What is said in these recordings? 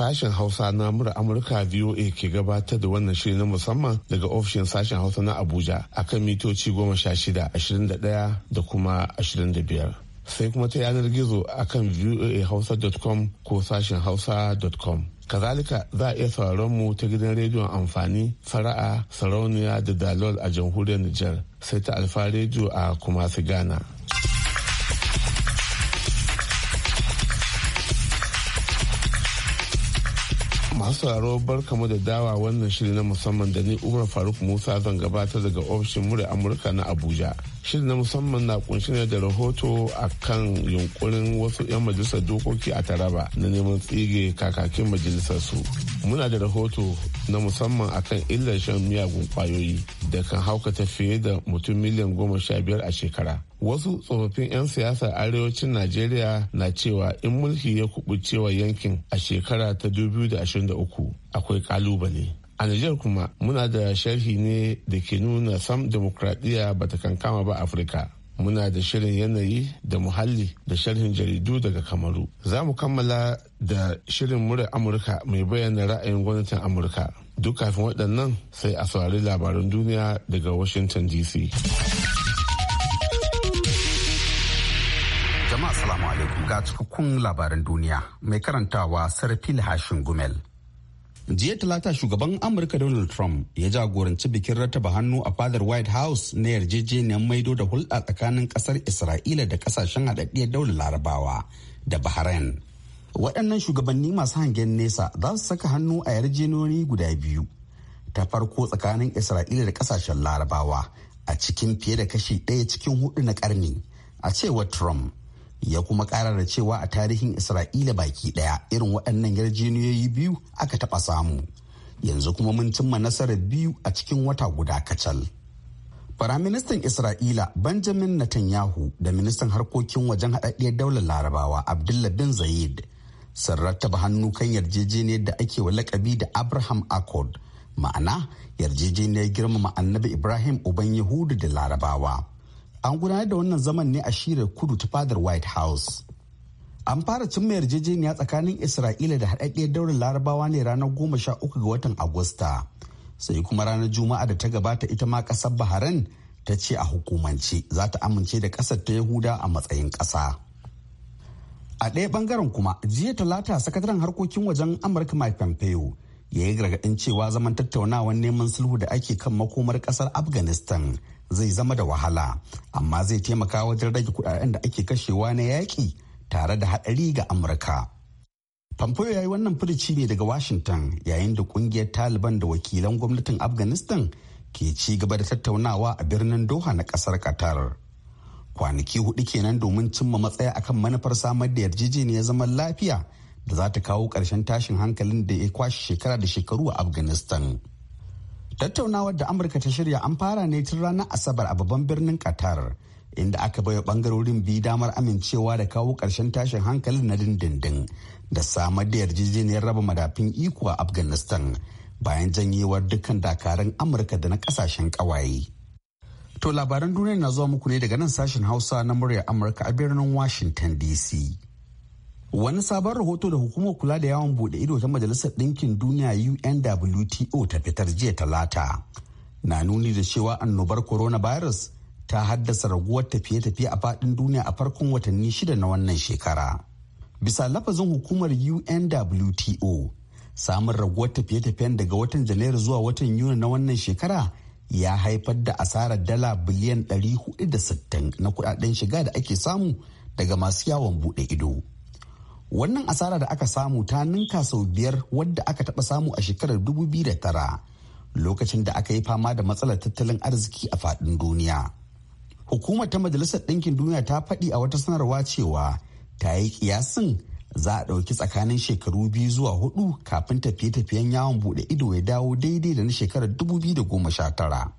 sashen hausa na mura amurka voa ke gabatar da wannan shiri na musamman daga ofishin sashen hausa na abuja a kan mitoci goma sha shida ashirin da daya, da kuma ashirin da biyar sai kuma ta yanar gizo a akan voahausa.com ko sashen hausa.com kazalika za a iya sauraron mu ta gidan rediyon amfani fara'a sarauniya da dalol a jamhuriyar nijar sai ta alfa rediyo a kumasi ghana masu sauraro kamar da dawa wannan shiri na musamman da ni umar faruk musa zan gabatar daga ofishin murya amurka na abuja shirin na musamman na kunshi ne da rahoto a kan yunkurin wasu 'yan majalisar dokoki a taraba na neman tsige kakakin majalisar su muna da rahoto na musamman a kan illar shan miyagun kwayoyi da kan haukata fiye da mutum miliyan goma sha biyar a shekara wasu tsofaffin 'yan siyasar arewacin najeriya na cewa in mulki ya kubucewa yankin a shekara ta 2023 akwai kalubale a Nijar kuma muna da sharhi ne da ke nuna sam demokradiyya ba ta kankama ba Afirka. Muna da shirin yanayi da muhalli da sharhin jaridu daga Kamaru. Za mu kammala da shirin murar Amurka mai bayyana ra'ayin gwamnatin Amurka. Duk kafin waɗannan sai a saurari labaran duniya daga Washington DC. Jama'a salamu alaikum ga cikakkun labaran duniya mai karantawa Sarfil Hashin Gumel. jiya talata shugaban amurka donald trump ya jagoranci bikin rattaba hannu a fadar white house na yarjejeniyar maido da hulɗa tsakanin kasar isra'ila da ƙasashen haɗaɗɗiyar daular larabawa da bahrain waɗannan shugabanni masu hangen nesa za su saka hannu a yarjejeniyoyi guda biyu ta farko tsakanin isra'ila da kasashen larabawa a cikin fiye da kashi ɗaya cikin hudu na ƙarni a cewar trump ya kuma kara da cewa a tarihin isra'ila baki daya irin waɗannan yarjejeniyoyi biyu aka taɓa samu yanzu kuma mun cimma nasarar biyu a cikin wata guda kacal Firaministan Isra'ila Benjamin Netanyahu da ministan harkokin wajen haɗaɗɗiyar daular larabawa Abdullah bin Zayed sun rattaba hannu kan yarjejeniyar da ake wa lakabi da Abraham Accord ma'ana yarjejeniyar girmama annabi Ibrahim uban Yahudu da larabawa. an gudanar da wannan zaman ne a shirar kudu ta fadar white house an fara cimma yarjejeniya tsakanin isra'ila da haɗaɗɗiyar daular larabawa ne ranar goma sha uku ga watan agusta sai kuma ranar juma'a da ta gabata ita ma ƙasar bahrain ta ce a hukumance za ta amince da ƙasar ta yahuda a matsayin ƙasa a ɗaya ɓangaren kuma jiya talata sakataren harkokin wajen amurka mike pompeo ya yi gargaɗin cewa zaman tattaunawar neman sulhu da ake kan makomar ƙasar afghanistan zai zama da wahala amma zai taimaka wajen rage kudaden da ake kashewa na yaƙi tare da haɗari ga amurka pompeo ya yi wannan firici ne daga washington yayin da ƙungiyar taliban da wakilan gwamnatin afghanistan ke ci gaba da tattaunawa a birnin doha na ƙasar qatar kwanaki hudu kenan domin cimma matsaya akan manufar samar da yarjejeniyar zaman lafiya da za ta kawo ƙarshen tashin hankalin da ya kwashe shekara da shekaru a afghanistan tattaunawar da amurka ta shirya an fara ne tun ranar asabar a babban birnin qatar inda aka baiwa bangarorin biyu damar amincewa da kawo karshen tashin hankalin na dindindin da samar da yarjejeniyar raba madafin iko a afghanistan bayan janyewar dukkan dakarun amurka da na kasashen ƙawaye. To labaran duniya na zuwa muku ne daga nan sashen Hausa na murya Amurka a birnin Washington DC. wani sabon rahoto da hukumar kula da yawon bude ido ta majalisar ɗinkin duniya unwto ta fitar jiya talata na nuni da cewa annobar coronavirus ta haddasa raguwar tafiye-tafiye a faɗin duniya a farkon watanni shida na wannan shekara bisa lafazin hukumar unwto samun raguwar tafiye-tafiyen daga watan janairu zuwa watan yuni na wannan shekara ya haifar da asarar dala biliyan 460 na kudaden shiga da ake samu daga masu yawon bude ido. wannan asara da aka samu ta ninka sau biyar wadda aka taɓa samu a shekarar 2009 lokacin da aka yi fama da matsalar tattalin arziki a faɗin duniya hukumar ta majalisar ɗinkin duniya ta faɗi a wata sanarwa cewa ta yi kiyasin za a ɗauki tsakanin shekaru biyu zuwa hudu kafin tafiye-tafiyen yawon buɗe ido ya dawo daidai da na shekarar da goma sha tara.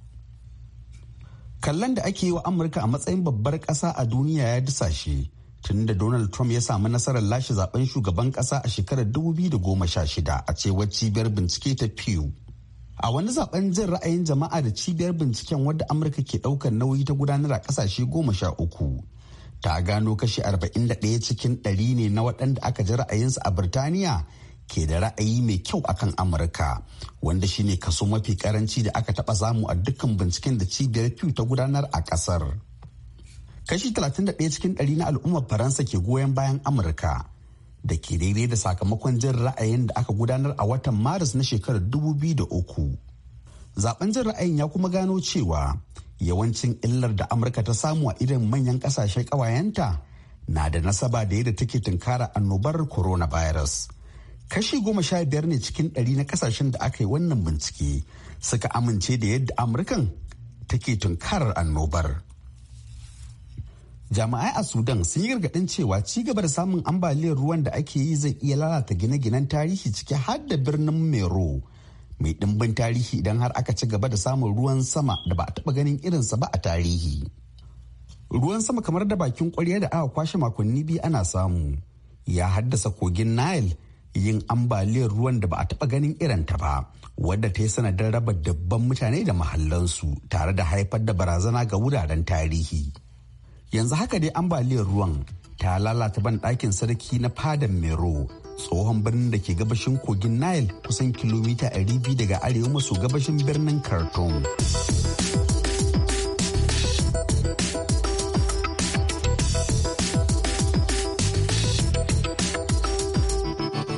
kallon da ake yi wa amurka a matsayin babbar ƙasa a duniya ya dusashe tun da Donald Trump ya samu nasarar lashe zaben shugaban kasa a shekarar 2016 a cewar cibiyar bincike ta Pew. A wani zaben jin ra'ayin jama'a da cibiyar binciken wadda Amurka ke daukar nauyi ta gudanar a kasashe goma sha uku. Ta gano kashi 41 cikin 100 ne na waɗanda aka ji ra'ayinsu a Birtaniya ke da ra'ayi mai kyau akan Amurka wanda shine kaso mafi karanci da aka taɓa samu a dukkan binciken da cibiyar Pew ta gudanar a ƙasar. kashi 31 cikin ɗari na al'ummar faransa ke goyon bayan amurka da ke daidai da sakamakon jin ra'ayin da aka gudanar a watan maris na shekarar 2003 zaben jin ra'ayin ya kuma gano cewa yawancin illar da amurka ta samu a idan manyan kasashe ƙawayenta na da nasaba da yadda take tunkara annobar coronavirus kashi goma sha biyar ne cikin ɗari na kasashen da aka yi wannan bincike suka amince da yadda amurkan take tunkarar annobar jami'ai a sudan sun yi gargaɗin cewa ci gaba da samun ambaliyar ruwan da ake yi zai iya lalata gine-ginen tarihi ciki har da birnin mero mai dimbin tarihi idan har aka ci gaba da samun ruwan sama da ba a taba ganin irinsa ba a tarihi ruwan sama kamar da bakin kwarya da aka kwashe makonni biyu ana samu ya haddasa kogin nile yin ambaliyar ruwan da ba a taɓa ganin irinta ba wadda ta yi sanadin raba dabban mutane da mahallansu tare da haifar da barazana ga wuraren tarihi yanzu haka dai ambaliyar ruwan ta lalata ban ɗakin sarki na fadan mero tsohon birnin da ke gabashin kogin nile kusan kilomita 200 daga arewa maso gabashin birnin khartoum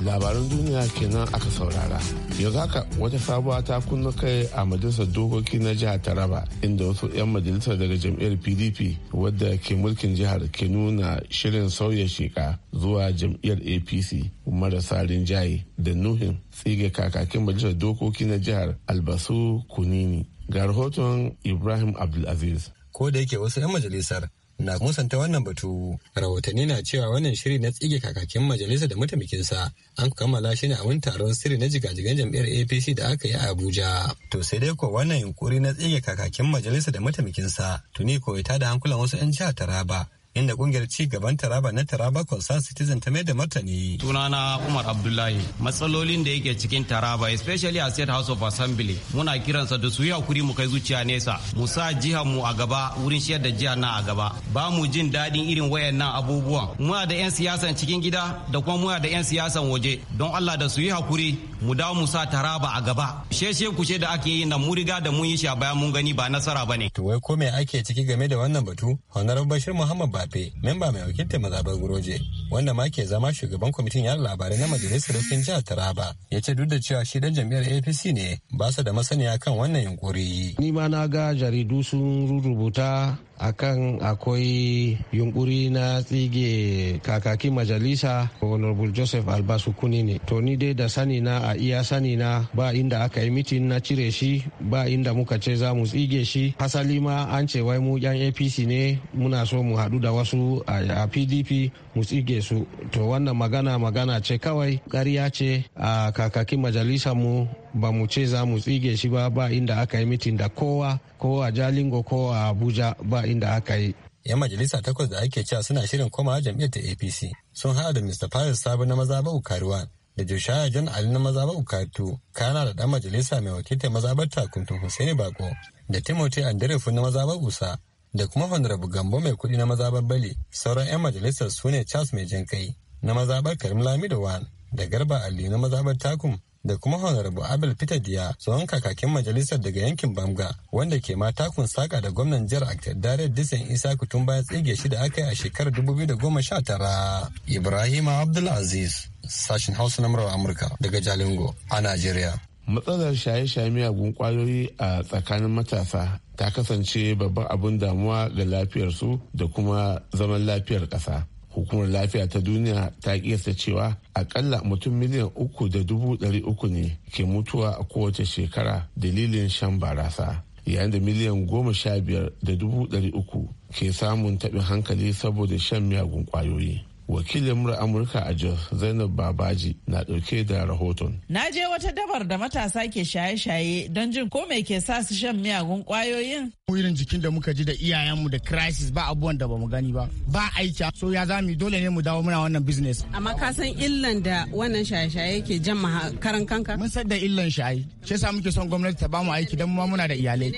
labaran duniya kenan aka saurara yanzu haka wata sabuwa ta kunna kai a majalisar dokoki na jihar taraba inda wasu 'yan majalisar daga jam'iyyar pdp wadda ke mulkin jihar ke nuna shirin sauya sheka zuwa jam'iyyar apc marasa rinjaye da nuhin tsige kakakin majalisar dokoki na jihar albasu kunini ga rahoton ibrahim abdulaziz ko da yake wasu 'yan majalisar na musanta wannan batu. Rahotanni na cewa wannan shiri na tsige kakakin majalisa da mataimakinsa an kammala shi ne a wani taron sirri na jigajigan jam'iyyar APC da aka yi a Abuja. To sai dai ko wannan yunkuri na tsige kakakin majalisa da mataimakinsa tuni ko ta da hankulan wasu 'yan jihar Taraba inda kungiyar ci gaban taraba na taraba concern citizen ta mai da martani tunana umar abdullahi matsalolin da yake cikin taraba especially a state house of assembly muna kiransa da su yi hakuri mu kai zuciya nesa mu sa jihar mu a gaba wurin shiyar da jihar na a gaba ba mu jin daɗin irin wayannan abubuwan muna da 'yan siyasan cikin gida da kuma muna da 'yan siyasan waje don allah da su yi hakuri mu dawo mu sa taraba a gaba sheshe kushe da ake yi na mu riga da mun yi shi a baya mun gani ba nasara ba ne. to wai ko me ake ciki game da wannan batu honorable bashir muhammad bafe memba mai wakiltar mazabar guroje wanda ma ke zama shugaban kwamitin yada labarai na majalisar dokin jihar taraba ya ce duk da cewa shi dan jami'ar apc ne ba su da masaniya kan wannan yunkuri. ni ma na ga jaridu sun rubuta akan akwai yunkuri na tsige kakakin majalisa honorable joseph albasu kuni ne to ni dai da sani na a iya sani na ba inda aka yi mitin na cire shi ba inda muka ce za mu tsige shi hasali ma an ce wai mu yan apc ne muna so mu haɗu da wasu a pdp mu tsige su to wannan magana magana ce kawai ƙarya ce a kakakin majalisa mu ba mu ce za mu tsige shi ba ba inda aka yi mitin da kowa ko a jalingo ko a abuja ba inda aka yi yan majalisa takwas da ake cewa suna shirin komawa jam'iyyar ta apc sun haɗa da mr faris sabu na maza ba'u karuwa da joshaya jan ali na maza ba'u ukatu kana da dan majalisa mai wakiltar maza ba takuntun husaini bako da timothy anderefu na maza bau usa da kuma honorable gambo mai kuɗi na maza bali sauran yan majalisar su ne charles mai jinkai na mazaɓar karim lamido wan da garba ali na maza bar takum da kuma honarabu abel peter diya tsohon kakakin majalisar daga yankin bamga wanda ke ma takun saka da gwamnan jihar aktadare disan isa kutun bayan tsige shi da aka yi a shekarar 2019 ibrahim abdulaziz sashen hausa na murar amurka daga jalingo a najeriya matsalar shaye-shaye miyagun kwayoyi a tsakanin matasa ta kasance babban abun damuwa ga lafiyarsu da kuma zaman lafiyar ƙasa hukumar lafiya ta duniya ta kiyasta cewa akalla mutum miliyan uku da dubu ɗari uku ne ke mutuwa a kowace shekara dalilin shan barasa yayin da miliyan goma sha biyar da dubu ɗari uku ke samun taɓin hankali saboda shan miyagun kwayoyi. wakilin mura amurka a jos zainab babaji na ɗauke da rahoton na je wata dabar da matasa ke shaye-shaye don jin ko me ke sa su shan miyagun kwayoyin irin jikin da muka ji da iyayenmu da crisis ba abubuwan da bamu gani ba ba aiki so ya zami dole ne mu dawo muna wannan business amma ka san illan da wannan shaye-shaye ke jan karan kanka mun san da illan shaye shi yasa muke son gwamnati ta bamu aiki don ma muna da iyalai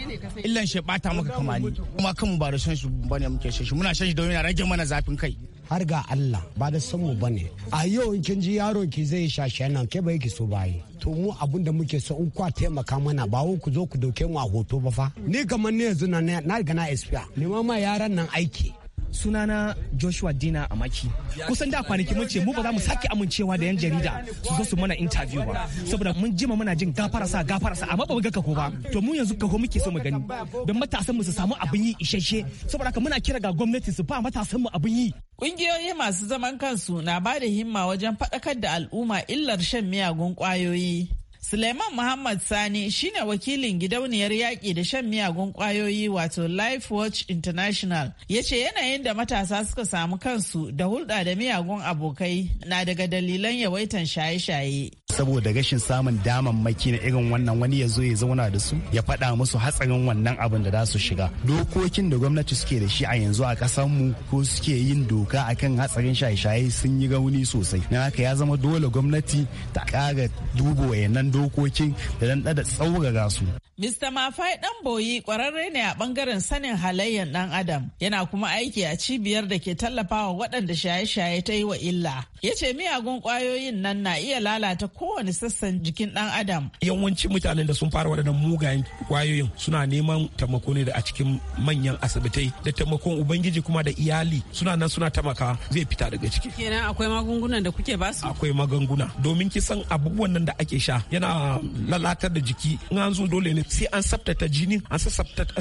illan shi bata maka kamani kuma kanmu ba da shan shi bane muke shan shi muna shan shi domin rage mana zafin kai har ga Allah ba da san ba bane a yau in kin ji yaron ki zai shashe nan ke bai ki so yi. to mu abun da muke so in kwa taimaka mana ba ku zo ku dauke mu a hoto ba fa ni kamar ne yanzu na na riga na expire ni ma yaran nan aiki sunana Joshua Dina Amaki. Kusan da kwanaki mun ce mu ba za mu sake amincewa da yan jarida su zo su mana interview ba. Saboda mun jima muna jin gafara sa gafara sa amma ba mu ga kako ba. To mu yanzu kako muke so mu gani. Don matasan mu su samu abin yi isasshe. Saboda haka muna kira ga gwamnati su ba matasan mu abin yi. Ƙungiyoyi masu zaman kansu na ba da himma wajen faɗakar da al'umma illar shan miyagun ƙwayoyi. Suleiman Muhammad Sani shine wakilin gidauniyar yaƙi da shan miyagun ƙwayoyi wato Life Watch International ya ce yanayin da matasa suka samu kansu da hulɗa da miyagun abokai na daga dalilan yawaitan shaye-shaye. saboda rashin samun daman maki na irin wannan wani ya zo ya zauna da su ya faɗa musu hatsarin wannan abin da za su shiga dokokin da gwamnati suke da shi a yanzu a ƙasar mu ko suke yin doka akan hatsarin shaye-shaye sun yi rauni sosai na haka ya zama dole gwamnati ta ƙara duba wayannan dokokin da dan da tsaurara su Mr. Mafai dan boyi kwararre ne a bangaren sanin halayyar dan adam yana kuma aiki a cibiyar da ke tallafawa waɗanda shaye-shaye ta yi wa illa ya ce miyagun kwayoyin nan na iya lalata ko kowane sassan jikin dan adam yawanci mutanen da sun fara waɗannan mugayen kwayoyin suna neman taimako ne da a cikin manyan asibitai da taimakon ubangiji kuma da iyali suna nan suna taimaka zai fita daga ciki kenan akwai magungunan da kuke ba su. akwai magunguna domin kisan abubuwan nan da ake sha yana lalatar da jiki in an zo dole ne sai an sabtata jini an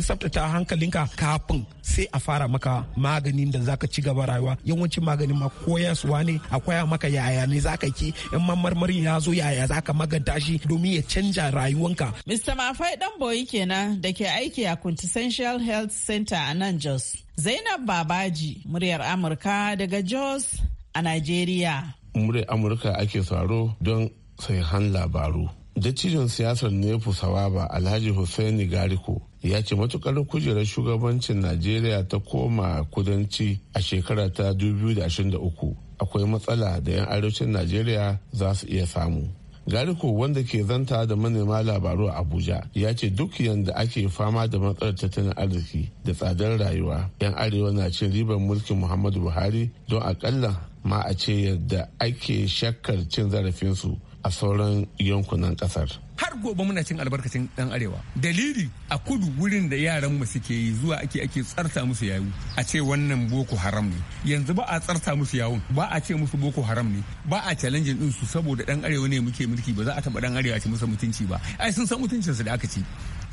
sabtata hankalinka kafin sai a fara maka maganin da zaka ci gaba rayuwa yawancin maganin ma koyaswa ne a koya maka yaya ne zaka ki in ma marmarin ya zo yaya za ka maganta shi domin ya canja rayuwanka. Mr. Mafai Danboyi kenan da ke aiki a Quintessential Health Center a nan Jos. Zainab Babaji, muryar Amurka daga Jos a nigeria. Muryar Amurka ake tsaro don sahihan labaru. Dattijon siyasar Nefu Sawaba Alhaji Hussaini Gariko ya ce matukar kujerar shugabancin Najeriya ta koma kudanci a shekara ta 2023 akwai matsala da 'yan arewacin najeriya za su iya samu gariko wanda ke zanta da manema labaru a abuja ya ce duk yadda ake fama da matsalar tattalin arziki da tsadar rayuwa 'yan arewa na cin ribar mulkin muhammadu buhari don akalla ma a ce yadda ake shakkar cin zarafinsu a sauran yankunan kasar har gobe muna cin albarkacin dan arewa dalili a kudu wurin da yaran mu suke yi zuwa ake ake tsarta musu yayu a ce wannan boko haram ne yanzu ba a tsarta musu yawun ba a ce musu boko haram ne ba a challenging din su saboda dan arewa ne muke mulki ba za a taba dan arewa ci musu mutunci ba ai sun san mutuncin su da aka ci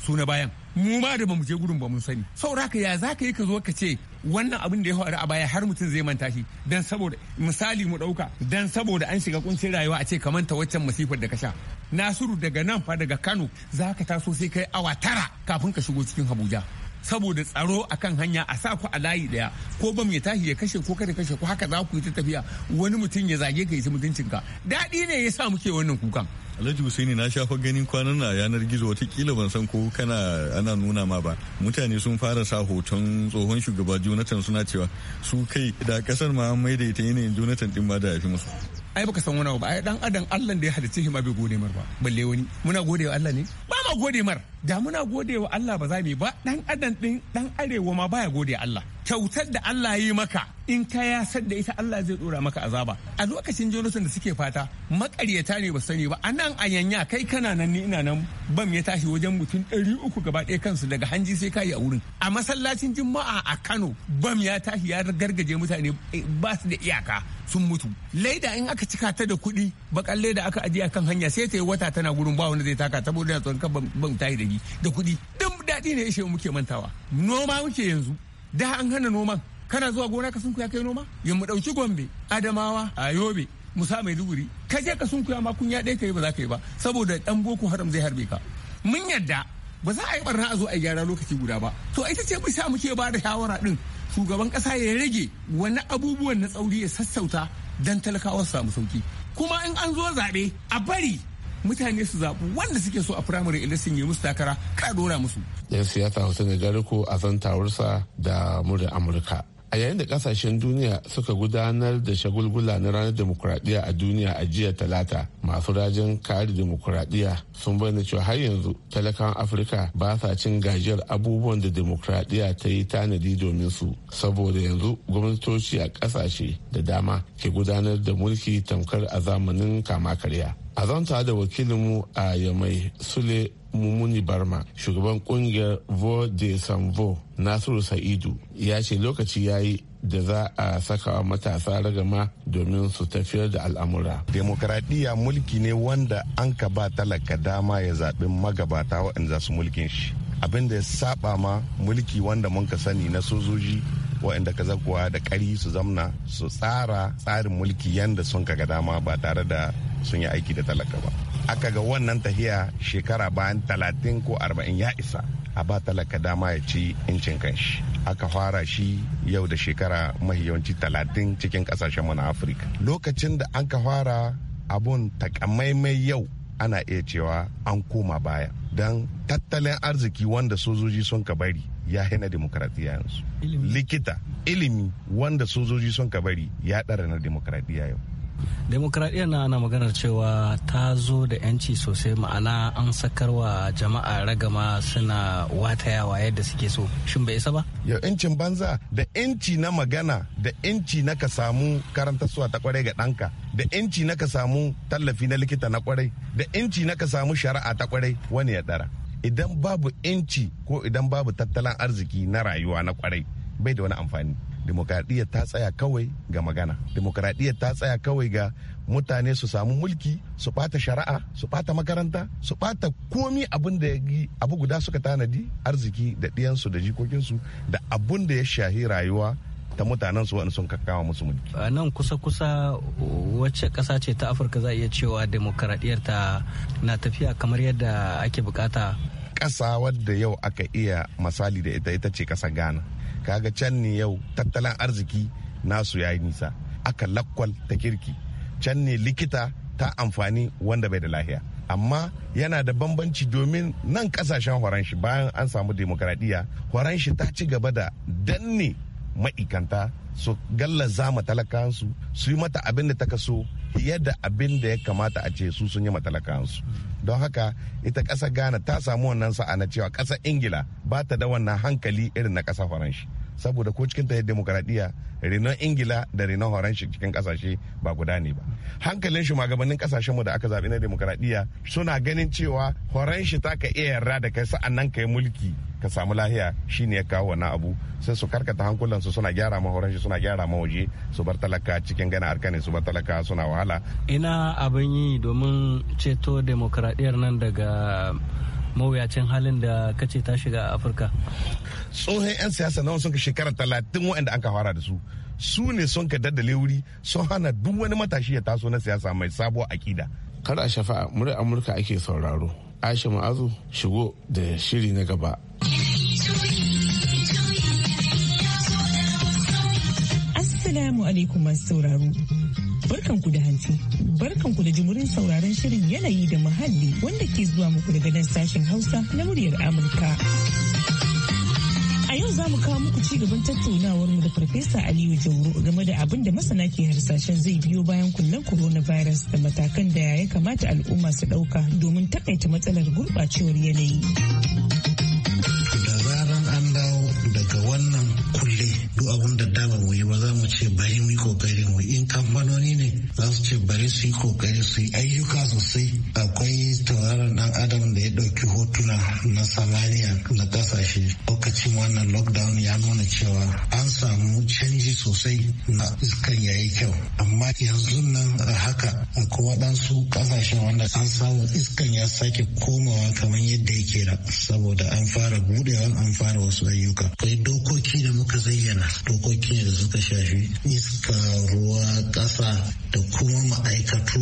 su na bayan mu ma da bamu je gurin ba mun sani sauraka ya ya ka yi ka zo ka ce wannan abin da ya faru a baya har mutum zai manta shi dan saboda misali mu dauka dan saboda an shiga kuncin rayuwa a ce ka manta waccan masifar da ka sha nasiru daga nan fa daga kano za ka taso sai kai awa tara kafin ka shigo cikin Habuja saboda tsaro akan hanya a sa ku a layi daya ko mu ya tashi ya kashe ko kada kashe ku haka za ku yi ta tafiya wani mutum ya zage ka yi ci mutuncinka daɗi ne ya sa muke wannan kukan alhaji husaini na shafa ganin kwanan na yanar gizo watakila ban san ko kana ana nuna ma ba mutane sun fara sa hoton tsohon shugaba jonathan suna cewa su kai da kasar ma an maida ita yanayin jonathan din ma da ya fi musu ai baka san wani ba ai dan adam Allah da ya halicci shi ma bai gode mar ba balle wani muna gode wa Allah ne ba ma gode mar da muna gode wa Allah ba za mu ba dan adam din dan arewa ma baya gode Allah kyautar da Allah yi maka in ka yasar da ita Allah zai dora maka azaba a lokacin jonathan da suke fata makaryata ne ba sani ba anan a yanya kai kana nan ni ina nan bam ya tashi wajen mutum ɗari uku gaba ɗaya kansu daga hanji sai kayi a wurin a masallacin juma'a a kano bam ya tashi ya gargaje mutane eh, ba su da iyaka sun mutu laida in aka cika ta da kuɗi bakan laida aka ajiye kan hanya sai ta yi wata tana gurin ba wanda zai taka saboda tsoron kan bam tashi da kuɗi dan daɗi ne ya muke mantawa noma muke yanzu da an hana noman kana zuwa gona ka sunkuya kai noma ya mu dauki gombe adamawa a yobe musa maiduguri ka je ka sunkuya ma kunya ɗaya ka yi ba za ka yi ba saboda dan boko haram zai harbe ka mun yadda ba za a yi barna a zo a gyara lokaci guda ba to ita ce bai sa muke ba da shawara din shugaban ƙasa ya rage wani abubuwan na tsauri ya sassauta don talakawa su samu sauki kuma in an zo zaɓe a bari mutane su zaɓi wanda suke so a firamare sun yi musu takara ka dora musu. Yan siyasa Hussein Darko a tawarsa da murin Amurka. A yayin da kasashen duniya suka gudanar da shagulgula na ranar demokuraɗiyya a duniya a jiya talata masu rajin kare demokuraɗiyya sun bayyana cewa har yanzu talakawan Afirka ba sa cin gajiyar abubuwan da demokuraɗiyya ta yi tanadi domin su saboda yanzu gwamnatoci a ƙasashe da dama ke gudanar da mulki tamkar a zamanin kama karya. a zanta da wakilinmu a yamai sule mumuni barma shugaban kungiyar vo de sanvo nasiru sa'idu ya ce lokaci ya yi da za a saka wa matasa ragama domin su tafiyar da al'amura. demokradiyya mulki ne wanda an ka ba talaka dama ya zaɓi magabata waɗanda su mulkin shi. abinda ya saba ma mulki wanda mun ka sani na sojoji waɗanda kaza kuwa da ƙari su zamna su tsara tsarin mulki yanda sun kaga dama ba tare da sun yi aiki da talaka ba aka ga wannan tahiya shekara bayan talatin ko arba'in ya isa a ba talaka dama ya ci incin kanshi aka fara shi yau da shekara yawanci talatin cikin kasashen mu afirka lokacin da an ka fara abun takamaimai yau ana iya cewa an koma baya don tattalin arziki wanda sojoji sun ka bari ya haina demokradiyya yanzu likita ilimi wanda sojoji sun ka bari ya ɗara na demokradiyya yau demokradiyya na ana maganar cewa ta zo da yanci sosai ma'ana an sakarwa jama'a ragama suna watayawa yadda suke so shin bai isa ba ya incin banza da inci na magana da inci na ka samu karantarsuwa ta kwarai ga ɗanka da inci na ka samu tallafi na likita na kwarai da inci na ka samu shari'a ta kwarai wani ya ɗara idan babu inci ko idan babu tattalin arziki na rayuwa na kwarai bai da wani amfani demokradiyyar ta tsaya kawai ga magana demokradiyyar ta tsaya kawai ga mutane su samu mulki su bata shari'a su bata makaranta su bata komi abin da ya gi abu guda suka tanadi arziki da ɗiyansu da jikokinsu da abin da ya shahi rayuwa ta mutanen su sun kakkawa musu mulki. A nan kusa-kusa wacce ƙasa ce ta Afirka za iya cewa demokradiyyar ta na tafiya kamar yadda ake bukata. Ƙasa wadda yau aka iya misali da ita ita ce ƙasa Ghana. kaga can ne yau tattalin arziki nasu ya yi nisa aka lakwal ta kirki can ne likita ta amfani wanda bai da lahiya amma yana da bambanci domin nan kasashen horanshi bayan an samu demokradiyya horanshi ta ci gaba da danne ma'ikanta su gallaza ma talakansu su yi mata abin da ta kaso fiye da abin da ya kamata a ce su sun yi matalakansu don haka ita ƙasa ghana ta samu wannan sa'a na cewa ƙasar ingila ba ta da wannan hankali irin na ƙasar faranshi saboda ko cikin tahiyar demokaradiyya renon ingila da renon horon shi cikin kasashe ba guda ne ba hankalin magabannin kasashen mu da aka zaɓi na demokaradiyya suna ganin cewa horon shi ta ka iya yarda da kai sa'an nan kai mulki ka samu lahiya shine ya kawo wannan abu sai su karkata hankulansu suna gyara mahoran shi suna gyara waje su bar talaka cikin gana arkane su bar talaka suna wahala ina abin yi domin ceto demokradiyyar nan daga mawuyacin halin da kace ta shiga a afirka tsohon 'yan siyasa nawa wasu shekara talatin waɗanda aka ka fara da su su ne sun ka daddale wuri sun hana duk wani matashi ya taso na siyasa mai sabuwar akida kar a shafa murar amurka ake sauraro aisha ma'azu shigo da shiri na gaba assalamu alaikum masu sauraro barkanku da hantsi barkanku da jimurin sauraron shirin yanayi da muhalli wanda ke zuwa muku daga nan sashen hausa na muryar amurka a yau za mu kawo muku ci gaban tattaunawar mu da farfesa aliyu jauro game da abin da masana ke harsashen zai biyo bayan kullen virus da matakan da ya kamata al'umma su ɗauka domin takaita matsalar gurɓacewar yanayi da an dawo daga wannan duk abun da dama mu yi ba za mu ce bari mu yi kokari mu in kamfanoni ne za su ce bari su yi kokari su yi ayyuka sosai akwai tauraron dan adam da ya ɗauki hotuna na samaniya na kasashe lokacin wannan lockdown ya nuna cewa an samu canji sosai na iskan ya yi kyau amma yanzu nan a haka akwai waɗansu kasashe wanda an samu iskan ya sake komawa kamar yadda yake da saboda an fara budewa an fara wasu ayyuka akwai dokoki da muka zayyana dokokin da suka shafi iska ruwa ƙasa da kuma ma'aikatu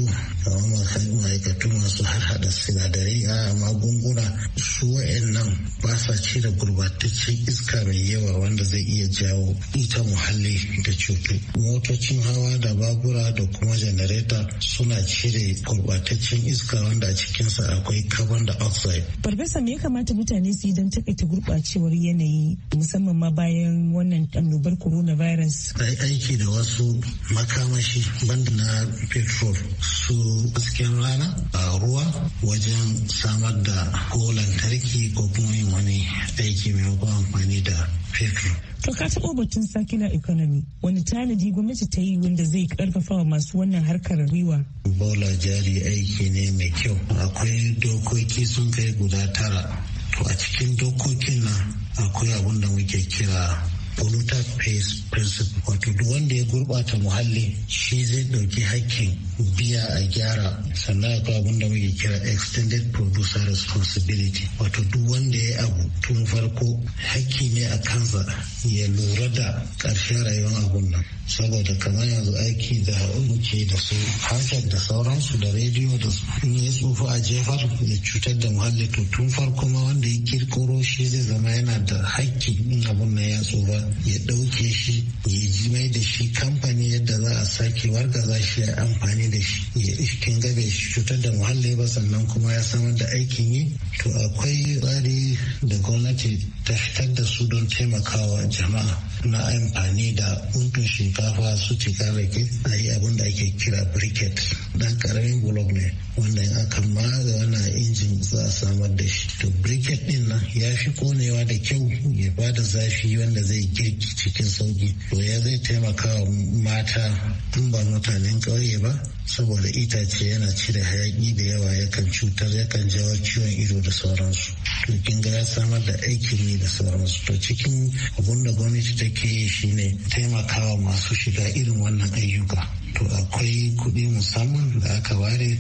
ma'aikatu masu harhaɗa sinadarai a magunguna su wa'annan ba sa cire gurbataccen iska mai yawa wanda zai iya jawo ita muhalli da cutu motocin hawa da babura da kuma janareta suna cire gurbataccen iska wanda a cikinsa akwai carbon dioxide farfesa me ya kamata mutane su yi don takaita gurɓacewar yanayi musamman ma bayan wannan annobar coronavirus. Ai aiki da wasu makamashi banda na petrol su hasken rana a ruwa wajen samar da ko lantarki ko kuma yin wani aiki maimakon amfani da petrol. To ka taɓo batun sakila economy wani tanadi gwamnati ta yi wanda zai karfafa wa masu wannan harkar riwa. Bola jari aiki ne mai kyau. Akwai dokoki sun kai guda tara. To a cikin dokokin nan akwai abin da muke kira polluter pays principle wato duk wanda ya gurbata muhalli shi zai dauki hakkin biya a gyara sannan akwai abin da muke kira extended producer responsibility wato duk wanda ya abu tun farko hakki ne a kansa ya lura da ƙarshen rayuwar abun nan saboda kamar yanzu aiki da muke da su hankali da sauransu da rediyo da in ya tsufa a jefar da cutar da muhalli to tun farko ma wanda ya kirkiro shi zai zama yana da haƙƙi in abun na ya tsufa ya ɗauke shi ya ji mai da shi kamfani yadda za a sake warga za shi ya amfani da shi ya kin gabe shi cutar da muhalli ba sannan kuma ya samar da aikin yi to akwai tsari da gwamnati ta fitar da su don taimakawa jama'a na amfani da untun shinkafa shinkafa su cika rake a yi abin da ake kira briket dan karamin bulog ne wanda in aka maza wannan injin za a samar da shi to briket din nan ya fi konewa da kyau ya ba da zafi wanda zai girki cikin sauki to ya zai taimaka mata in ba mutanen ƙauye ba saboda itace yana cire hayaki da yawa yakan cutar yakan jawo ciwon ido da sauransu to kin ga ya samar da aikin yi da sauransu to cikin abun da gwamnati take yi shine taimakawa masu su shiga irin wannan ayyuka to akwai kuɗi musamman da aka ware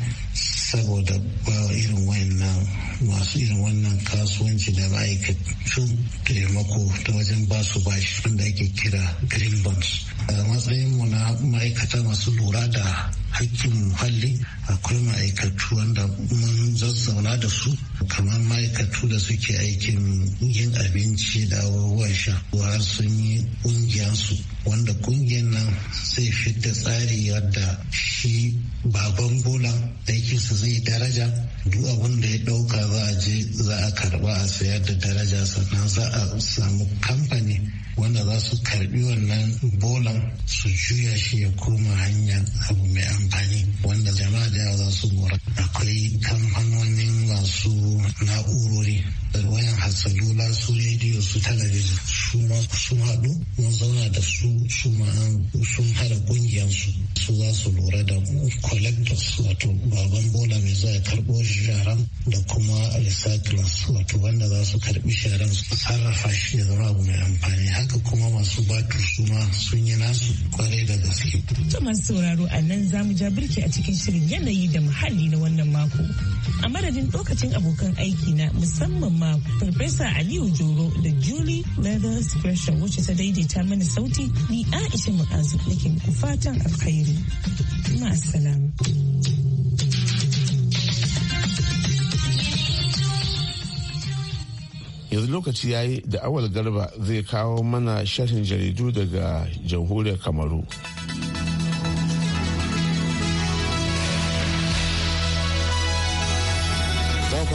saboda ba irin wannan masu irin wannan kasuwanci da ma'aikatu taimako ta wajen ba su bashi wanda ake kira green bonds a matsayin mu na ma'aikata masu lura da hakkin muhalli akwai ma'aikatu wanda mun zazzauna da su kamar ma'aikatu da suke aikin yin abinci da ruwan sha har sun yi ƙungiyarsu wanda ƙungiyar nan zai da tsari yadda shi baban bolan aikinsa zai daraja duk abin da ya ɗauka za a je za a karba a sayar da daraja sannan za a samu kamfani wanda za su karbi wannan bolan su juya shi ya koma hanya abu mai amfani wanda jama'a da yawa za su mora akwai kamfanonin masu na'urori wannan hasalula su rediyo su talabijin su sun haɗu mun zauna da su su ma sun hada kungiyar su su za su lura da collectors wato baban bola mai a karbo sharan da kuma recyclers wato wanda za su karbi sharan su sarrafa shi ya zama abu mai amfani haka kuma masu batu su ma sun yi nasu kwarai da gaske. To masu sauraro a nan za mu ja birki a cikin shirin yanayi da muhalli na wannan mako. A madadin lokacin abokan aiki na musamman ma Farfesa Aliyu Joro da Julie Leather Special wacce ta daidaita mana sauti ni Aisha Mu'azu nake muku fatan alkhairi. Ma'asalam. yanzu lokaci ya yi da awal garba zai kawo mana shirin jaridu daga jamhuriyar kamaru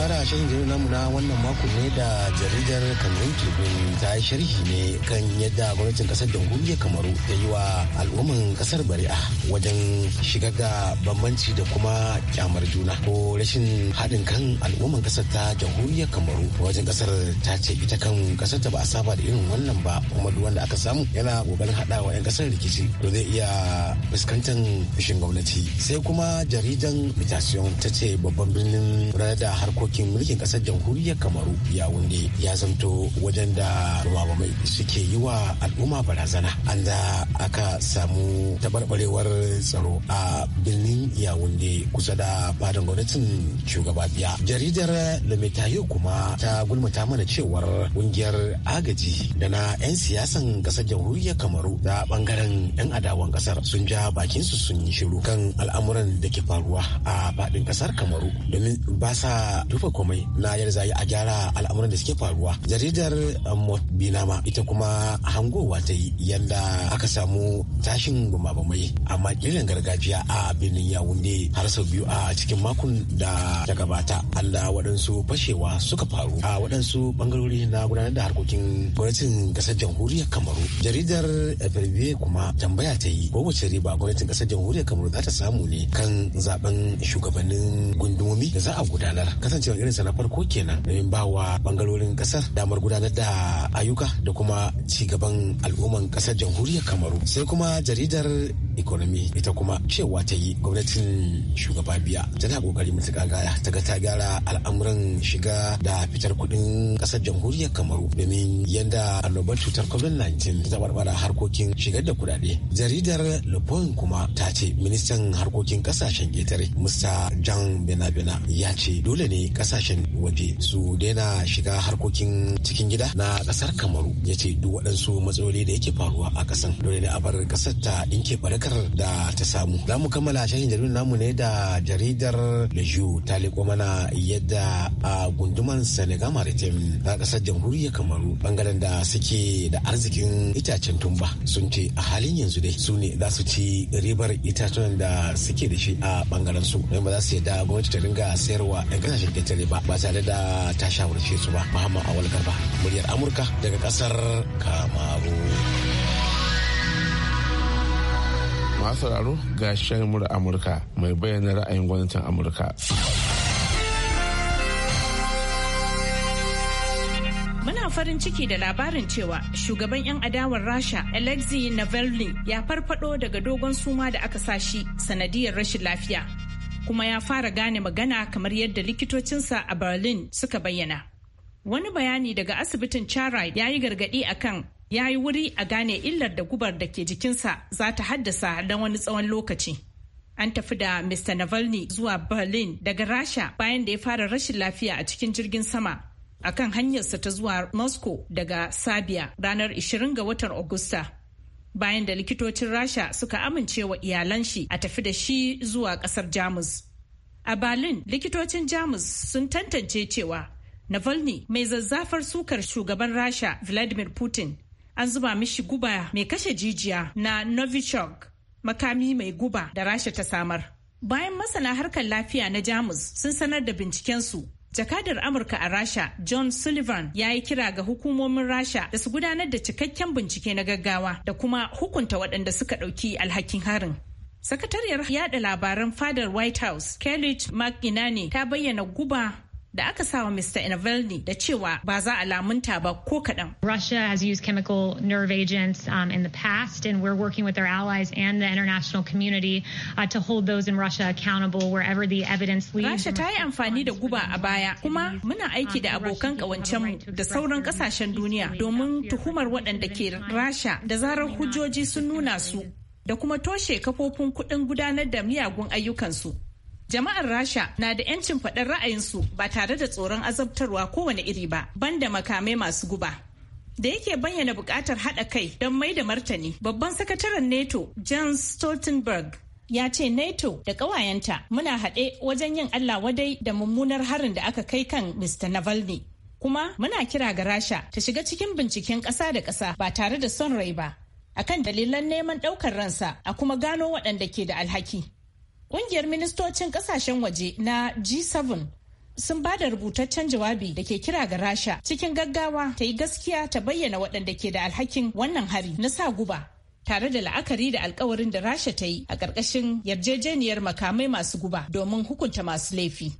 fara shirin jirgin namu na wannan mako ne da jaridar Cameroon tribun ta yi sharhi ne kan yadda gwamnatin kasar jamhuriyar Kamaru ta yi wa al'umman kasar bari'a wajen shigar da bambanci da kuma kyamar juna ko rashin haɗin kan al'umman kasar ta jamhuriyar Kamaru wajen kasar ta ce ita kan kasar ta ba a saba da irin wannan ba kuma duk wanda aka samu yana kokarin haɗa wa 'yan kasar rikici to zai iya fuskantar fushin gwamnati sai kuma jaridan mutation ta ce babban birnin rada harkokin mulkin mulkin kasar jamhuriyar kamaru ya wunde ya zanto wajen da mai suke yi wa al'umma barazana an da aka samu tabarbarewar tsaro a birnin wunde kusa da fadan gwamnatin shugaba biya jaridar lamitayo kuma ta gulmata mana cewar kungiyar agaji da na 'yan siyasan kasar jamhuriyar kamaru da bangaren 'yan adawan kasar sun ja bakin su sun yi shiru kan al'amuran da ke faruwa a fadin kasar kamaru domin ba sa tufa fa komai na yar zai a gyara al'amuran da suke faruwa jaridar eh, binama ita kuma hangowa ta yi yanda aka samu tashin gumabamai amma kilan gargajiya a birnin ya wunde har sau biyu a cikin makon da ta gabata allah waɗansu fashewa suka faru a waɗansu bangarori na gudanar da harkokin gwamnatin ƙasar jamhuriyar kamaru jaridar fbe kuma tambaya ta yi ko wace riba gwamnatin ƙasar jamhuriyar kamaru za ta samu ne kan zaben shugabannin gundumomi da za a gudanar kasancewa wannan irinsa na farko kenan domin ba wa bangarorin kasar damar gudanar da ayyuka da kuma ci gaban al'umman kasar jamhuriyar kamaru sai kuma jaridar economy ita kuma cewa ta yi gwamnatin shugaba biya tana kokari matuƙa gaya ta ga ta gyara al'amuran shiga da fitar kuɗin ƙasar jamhuriyar kamaru domin yadda annobar cutar covid-19 ta barbara harkokin shigar da kuɗaɗe jaridar le kuma ta ce ministan harkokin ƙasashen ƙetare mr jan benabena ya ce dole ne ƙasashen waje su daina shiga harkokin cikin gida na ƙasar kamaru ya ce duk waɗansu matsaloli da yake faruwa a ƙasan dole ne a bar ƙasar ta inke barka albarkar da ta samu za mu kammala shahin jaridar namu ne da jaridar leju ta liko mana yadda a gunduman senegal maritime na kasar jamhuriyar kamaru bangaren da suke da arzikin itacen tumba sun ce a halin yanzu dai su ne za su ci ribar itacen da suke da shi a bangaren su don ba za su yadda gwamnati ta ringa sayarwa yan kasashen ƙetare ba ba tare da ta shawarce su ba muhammad awal garba muryar amurka daga kasar kamaru. masu sauraro ga shirin mura Amurka mai bayyana ra'ayin gwamnatin Amurka. Muna farin ciki da labarin cewa shugaban 'yan adawar Rasha Alexei Navalny ya farfado daga dogon suma da aka sa shi sanadiyar rashin lafiya. Kuma ya fara gane magana kamar yadda likitocinsa a Berlin suka bayyana. Wani bayani daga asibitin Chara ya yi gargadi akan ya yi wuri a gane illar da gubar da ke jikinsa za ta haddasa don wani tsawon lokaci. An tafi da Mr. Navalny zuwa Berlin daga Rasha bayan da ya fara rashin lafiya a cikin jirgin sama a kan hanyarsa ta zuwa Moscow daga Sabia ranar 20 ga watan Agusta. Bayan da likitocin Rasha suka amince wa iyalan shi a tafi da shi zuwa kasar Jamus. A Berlin, likitocin Jamus sun tantance cewa Navalny mai zazzafar sukar shugaban Rasha Vladimir Putin an zuba mishi guba mai kashe jijiya na novichok makami mai guba da rasha ta samar bayan masana harkar lafiya na jamus sun sanar da bincikensu jakadar amurka a rasha john sullivan ya yi kira ga hukumomin rasha da su gudanar da cikakken bincike na gaggawa da kuma hukunta waɗanda suka ɗauki alhakin harin sakatariyar Yaɗa labaran fadar white house kelly McInerney, ta bayyana guba da aka sa wa Mr. Navalny da cewa ba za a lamunta ba ko kaɗan. Russia has used chemical nerve agents um, in the past, and we're working with our allies and the international community uh, to hold those in Russia accountable wherever the evidence leads. Russia ta yi amfani da guba a baya, kuma muna aiki da abokan mu da sauran ƙasashen duniya domin tuhumar waɗanda ke Rasha da zarar hujjoji sun nuna su da kuma toshe kafofin kuɗin gudanar da miyagun ayyukansu. Jama'ar Rasha na da 'yancin faɗar ra'ayinsu ba tare da tsoron azabtarwa kowane iri ba, banda makamai masu guba. da yake bayyana buƙatar haɗa kai don mai da martani babban sakataren nato jens stoltenberg ya ce nato da ƙawayenta muna haɗe wajen yin allah wadai da mummunar harin da aka kai kan mr navalny kuma muna kira ga rasha ta shiga cikin binciken ƙasa da ƙasa ba tare da son rai ba akan dalilan neman ɗaukar ransa a kuma gano waɗanda ke da alhaki Ƙungiyar ministocin ƙasashen waje na G7 sun ba da rubutaccen jawabi da ke kira ga Rasha cikin gaggawa ta yi gaskiya ta bayyana waɗanda ke da alhakin wannan hari na sa guba tare da la'akari da alkawarin da Rasha ta yi a ƙarƙashin yarjejeniyar makamai masu guba domin hukunta masu laifi.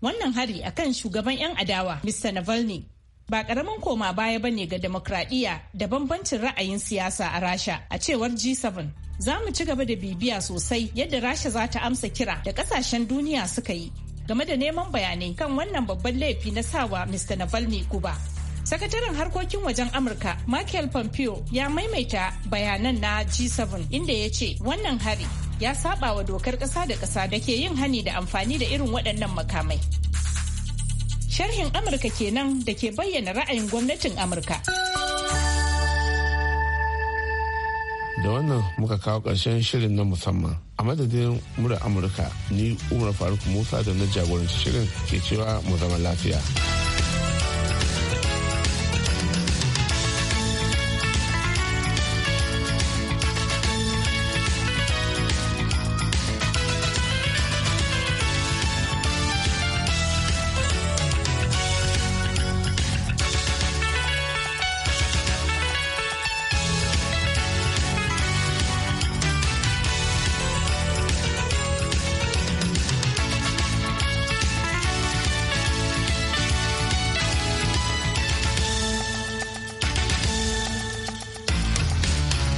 Wannan hari akan shugaban 'yan adawa Mr. Navalny ba karamin koma baya ba ne ga demokradiyya da bambancin ra'ayin siyasa a rasha a cewar g7 za mu ci gaba da bibiya sosai yadda rasha za ta amsa kira da kasashen duniya suka yi game da neman bayanai kan wannan babban laifi na sawa mr navalny guba sakataren harkokin wajen amurka michael pompeo ya maimaita bayanan na g7 inda ya ce wannan hari ya saba wa dokar ƙasa da ƙasa da ke yin hani da amfani da irin waɗannan makamai Sharhin Amurka kenan da ke bayyana ra'ayin gwamnatin Amurka. Da wannan muka kawo ƙarshen shirin na musamman. A madadin mura Amurka ni Umar Faruk Musa da na jagoranci shirin ke cewa mu zama lafiya.